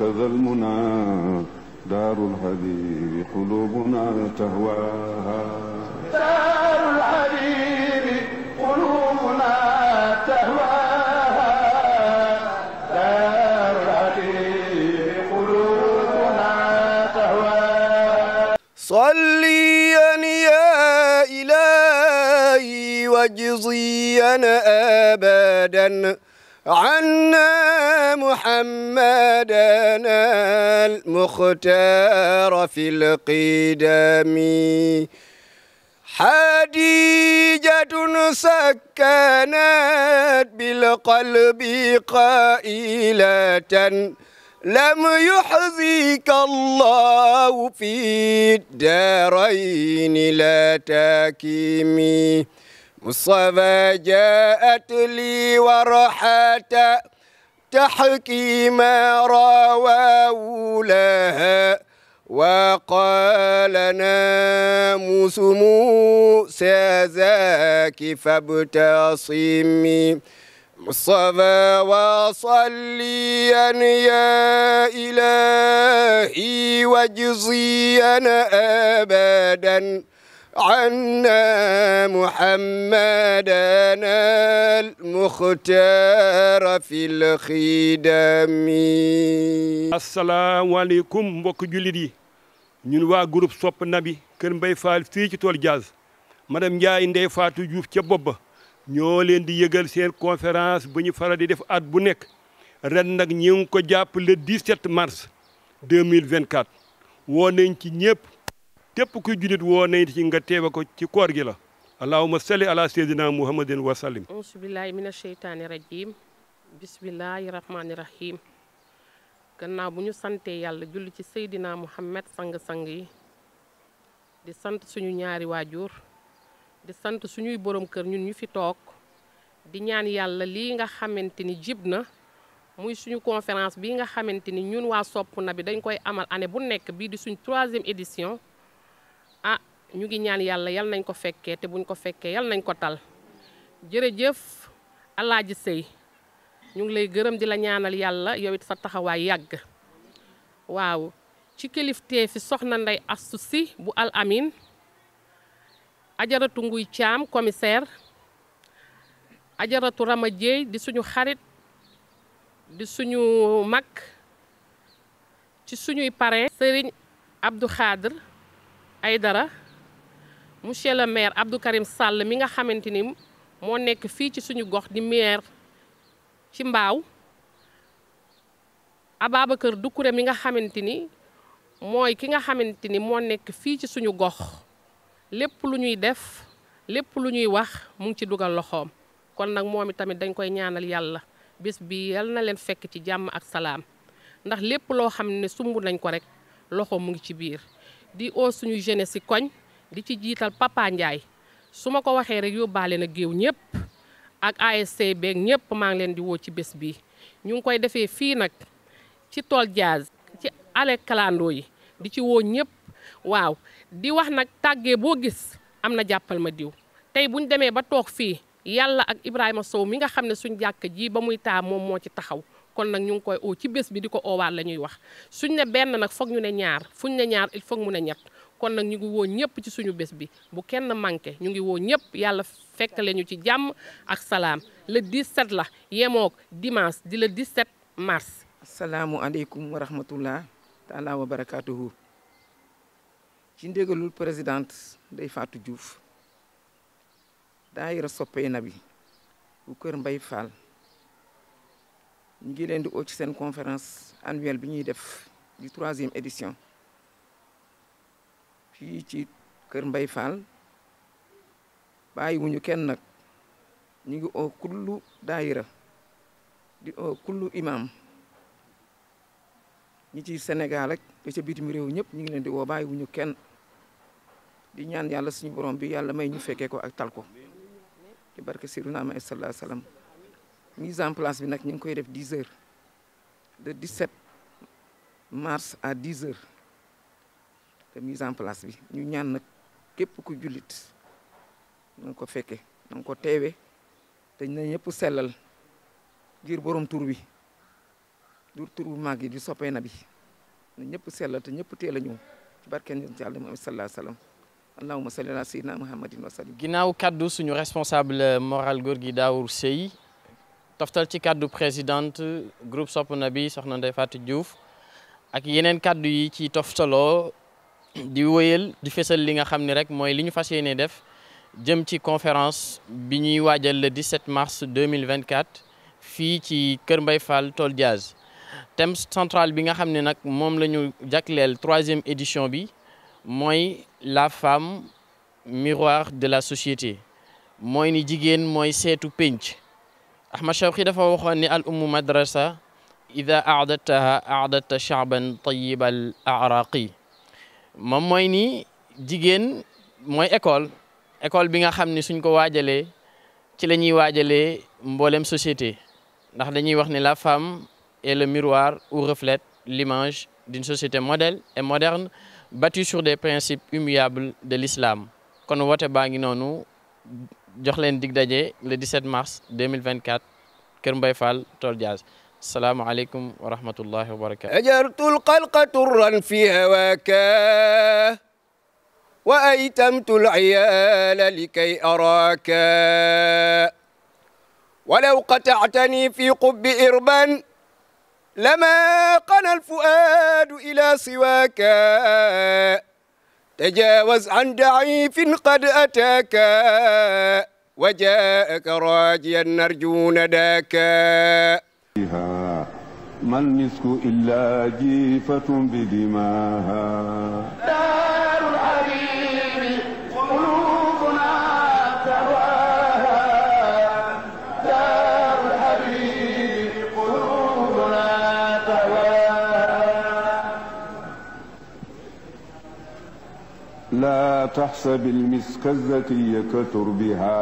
كذا المنى دار الحبيب قلوبنا تهواها دار الحبيب قلوبنا تهواها دار الحبيب قلوبنا تهواها صليا يا إلهي واجزيا أبدا عنا محمدنا المختار في القدم حديجة سكنت بالقلب قائلة لم يحزيك الله في الدارين لا تاكمي مصطفى جاءت لي ورحة تحكي ما رواه لها وقال ناموس موسى ذاك فابتصمي مصطفى وصليا يا إلهي واجزيا أبدا عنا محمدنا المختار في الخدم asalaamaaleykum mbokk jullit yi ñun waa groupe Sopp Nabi Kër mbay Fall fii ci tool Diaz madame Ndiaye ndey faatu Diouf ca bopp ba ñoo leen di yëgal seen conférence bu ñu faral di def at bu nekk ren nag ñi ngi ko jàpp le 17 mars 2024 woo nañ ci ñëpp képp kuy julit woo nañ ci nga teewe ko ci koor gi la allahuma salli ala sayyidina muhammadin wa sallim ausubillahi min asheytaani rajim bismillahi rahmaani rahim gannaaw bu ñu santee yàlla julli ci seydina muhammad sang-sang yi di sant suñu ñaari waajur di sant suñuy borom kër ñun ñu fi toog di ñaan yàlla lii nga xamante ni jib na muy suñu conférence bi nga xamante ni ñun waa sopp na bi dañ koy amal année bu nekk bii di suñ troisième édition ah ñu ngi ñaan yàlla yal nañ ko fekkee te buñ ko fekkee yal nañ ko tal jërëjëf Alaaji Sëy ñu ngi lay gërëm di la ñaanal yàlla yow it sa taxawaay yàgg waaw ci kiliftee fi soxna Ndey Astu Si bu Al Amine ajaratu nguy caam commissaire ajaratu Rama Jéey di suñu xarit di suñu mag ci suñuy pare Sëriñ Abdou Khadre Aidara monsieur le maire Abdou Karim Sall mi nga xamante ni moo nekk fii ci suñu gox di maire ci Mbaaw kër du Doucouré mi nga xamante ni mooy ki nga xamante ni moo nekk fii ci suñu gox lépp lu ñuy def lépp lu ñuy wax mu ngi ci dugal loxoom kon nag moom itamit dañ koy ñaanal yàlla bés bi yal na leen fekk ci jàmm ak salaam ndax lépp loo xam ne sumb nañ ko rekk loxo mu ngi ci biir di o suñu jeunesse si koñ di ci jiital Papa su ma ko waxee rek yóbbaale na géew ñëpp ak ASC beeg ñëpp maa ngi leen di woo ci bés bi ñu ngi koy defee fii nag ci tool jaas ci ale yi di ci woo ñëpp waaw di wax nag tàggee boo gis am na jàppal ma diw tey buñ demee ba toog fii yàlla ak Ibrahima Sow mi nga xam ne suñ jàkk ji ba muy taa moom moo ci taxaw kon nag ñu ngi koy ci bés bi di ko oowaat la ñuy wax suñ ne benn nag foog ñu ne ñaar fuñ ne ñaar il foog mu ne ñett kon nag ñu ngi woo ñëpp ci suñu bés bi bu kenn manqué ñu ngi woo ñëpp yàlla fekk lañu ci jàmm ak salaam le 17 la yemook dimanche di le 17 mars asalaamualeykum wa rahmatullah taala wa barakatuhu ci ndégalul présidente Ndeye Fatou Diouf daayira soppee na bi bu kër Mbay Fall ñu ngi leen di oo ci seen conférence annuelle bi ñuy def di troisième édition fii ci kër Mbay Fall bàyyi wuñu kenn nag ñu ngi oo kullu daayira di oo kullu imam ñi ci Sénégal rek ba ca bitim réew ñëpp ñu ngi leen di woo bàyyi ñu kenn di ñaan yàlla suñu borom bi yàlla may ñu fekkee ko ak tal ko ci barke Seydina Muhammad sallallahu alayhi wa mise en place bi nag ñu ngi koy def 10 heures de 17 mars à 10 heures de mise en place bi ñu ñaan nag képp ku jullit na nga ko fekke na nga ko teewe dañ na ñëpp sellal ngir borom tur bi dur tur bu màgg yi di soppee na bi na ñëpp sellal te ñëpp teel a ñëw ci barkeen yonent Yàlla Muhammad sallallahu alayhi wasallam allahumma salli ala sayyidina muhammadin wa sallim ginnaaw kaddu suñu responsable moral góor gi Daawur Sey toftal ci kàddu président groupe sopp na bi soxna Ndeye Fatou Diouf ak yeneen kàddu yi ci toftaloo di wëyal di fesal li nga xam ni rek mooy li ñu fas ne def jëm ci conférence bi ñuy waajal le 17 mars 2024 fii ci Kër mbay Fall Tol Diaz thème central bi nga xam ne nag moom la ñu jagleel troisième édition bi mooy la femme miroir de la société mooy ni jigéen mooy seetu pénc Ahmad Shawqi dafa waxoon ni al ummu madrasa ida aadataha aadata chaaban tayib al araqi moom mooy ni jigéen mooy école école bi nga xam ni suñ ko waajalee ci la ñuy waajalee mboolem société ndax dañuy wax ni la femme est le miroir ou reflète limange d'une société modèle et moderne battue sur des principes immuables de l'islam kon woote baa noonu jox leen dig daje le 17 mars 2024 Kër Mbaye Fall Tol Dias asalaamualeykum wa rahmatullahi wa barakatu ajartul xalqa turran fi hawaaka wa aytamtul iyaala likay araaka walaw qatactani fi qubbi irban lama qana alfuaadu ila siwaaka تجاوز عن ضعيف قد أتاك وجاءك راجيا نرجو نداك ما المسك إلا جيفة بدماها لا تحسب المسك الزكي كتربها